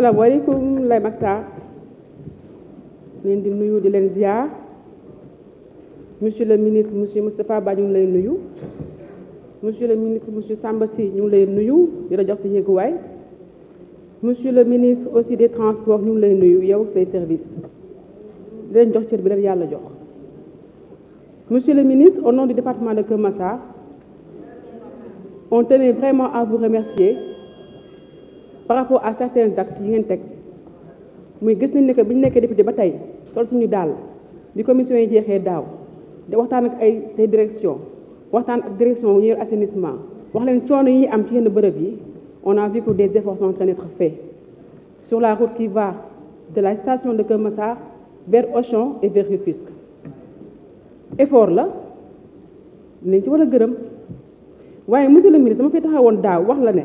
alaykum lay makta leen di nuyu di len ziar monsieur le ministre monsieur Moustapha badiou nuyu monsieur le ministre monsieur Samba Sy ñu ngi lay nuyu di la jox si monsieur le ministre aussi des transports ñu ngi lay nuyu yow say service len jox bi yalla jox monsieur le ministre au nom du département de kemassa on tenait vraiment à vous remercier par rapport à certains actes yi ngeen teg muy gis nañ ne que bi ñu nekkee député ba tey sol suñu daal bi commission yi jeexee daaw di waxtaan ak ay say direction waxtaan ak direction ñu yor assainissement wax leen coono yi am ci yenn bërëb yi on a vu que des efforts sont en train d'être faits sur la route qui va de la station de Keur vers Auchan et vers Rufisque effort la nañ ci war a gërëm waaye monsieur le ministre dama fi taxawoon daaw wax la ne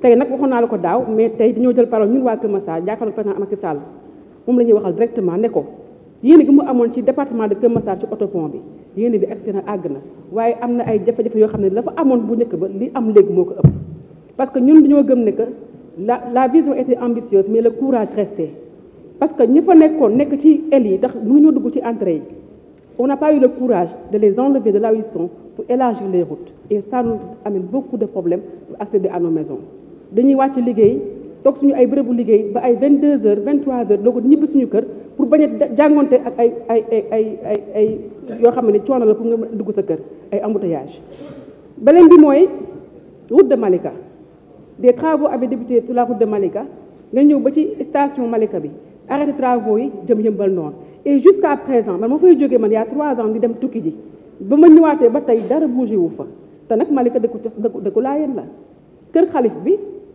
tey nag waxoon naa la ko daaw mais tey dañoo jël parole ñun waa Kër Massar jàkkaarloo président Macky Sall moom la ñuy waxal directement ne ko yéene gi mu amoon ci département de Kër Massar ci autopont bi yéene bi agsi na àgg na waaye am na ay jafe-jafe yoo xam ne fa amoon bu njëkk ba li am léegi moo ko ëpp parce que ñun dañoo gëm ne que la la vision était ambitieuse mais le courage restait parce que ñi fa nekkoon nekk ci aile yi ndax mënuñoo dugg ci entrée yi on n'a pas eu le courage de les enlever de là où ils sont pour élargir les routes et ça nous amène beaucoup de problèmes pour accéder à nos maisons dañuy wàcc liggéey toog suñu ay bërëbu liggéey ba ay 22 deux heures vingt trois heures doo ko ñibbi suñu kër pour bañ a jàngonte ak ay ay ay ay ay ay yoo xam ne coono la pour nga dugg sa kër ay embouteillage beneen bi mooy route de Malika des travaux avaient débuté sur la route de Malika nga ñëw ba ci station Malika bi arrêté travaux yi jëm yëmbal noonu et jusqu'à présent man moo fay jógee man y'a trois ans di dem tukki ji ba ma ñëwaatee ba tey dara bougé wu fa te nag Malika dëkku dëkku dëkku laayeen la kër xalif bi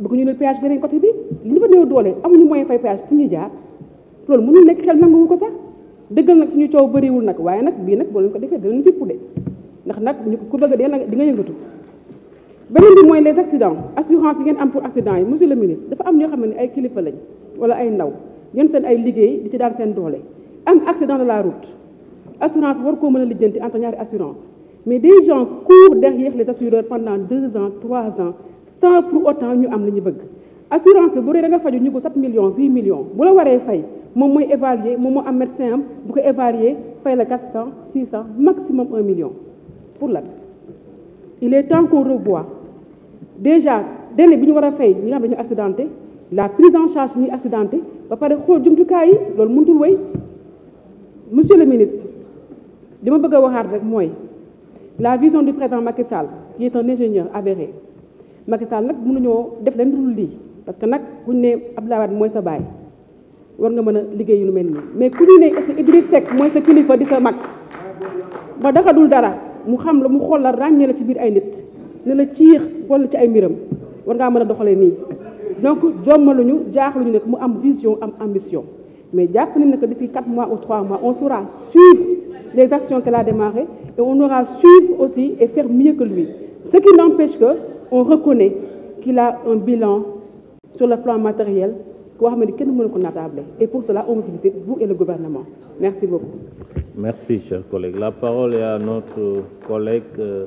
bëgg ñu ne péage beneen côté bi li ñu fa néew doole amuñu moyen fay péage fu ñuy jaar loolu mënul nekk xel nanguwu ko sax dëggal nag suñu coow bëriwul nag waaye nag bii nag boo leen ko defee dinañu jëpp de ndax nag ñu ku bëgg dee di nga yëngatu beneen bi mooy les accidents assurance yi ngeen am pour accident yi monsieur le ministre dafa am ñoo xam ne ay kilifa lañ wala ay ndaw ñoom seen ay liggéey di ci daan seen doole am accident de la route assurance war koo mën a lijjanti entre ñaari assurance mais des gens courent derrière les assureurs pendant deux ans trois ans sans pour autant ñu am li bëgg assurance vous bu da nga faju 7 millions 8 millions Vous la waré fay mom moy évaluer moom am médecin am bu ko évaluer fay la 400 600 maximum 1 million pour la. il est temps qu'on revoie déjà dès biñu wara a fay ñi nga dañu accidenté la prise en charge ñuy accidenté ba pare xool jumtukaay yi lool monsieur le ministre je bëgg avec rek la vision du président Macky Sall qui est un ingénieur avéré Macky Sall nak mënuñoo def leen dul li parce que nak bu né Abdoulaye Wade mooy sa baay war nga mëna a liggéey lu melni mais kuñu né ne Idriss Seck moy sa kilifa di sa mak ba dafa dul dara mu xam la mu xol la ragné la ci bir ay nit né la ciix wol ci ay miram war nga mëna doxalé ni donc jommaluñu jaxluñu nag mu am vision am ambition mais jàpp nañ ne que d'ici 4 mois ou 3 mois on saura suivre les actions qu'elle a démarré et on aura suivre aussi et faire mieux que lui ce qui n'empêche que on reconnaît qu'il a un bilan sur le plan matériel et pour cela, on vous vous et le gouvernement. Merci beaucoup. Merci, chers collègues. La parole est à notre collègue euh,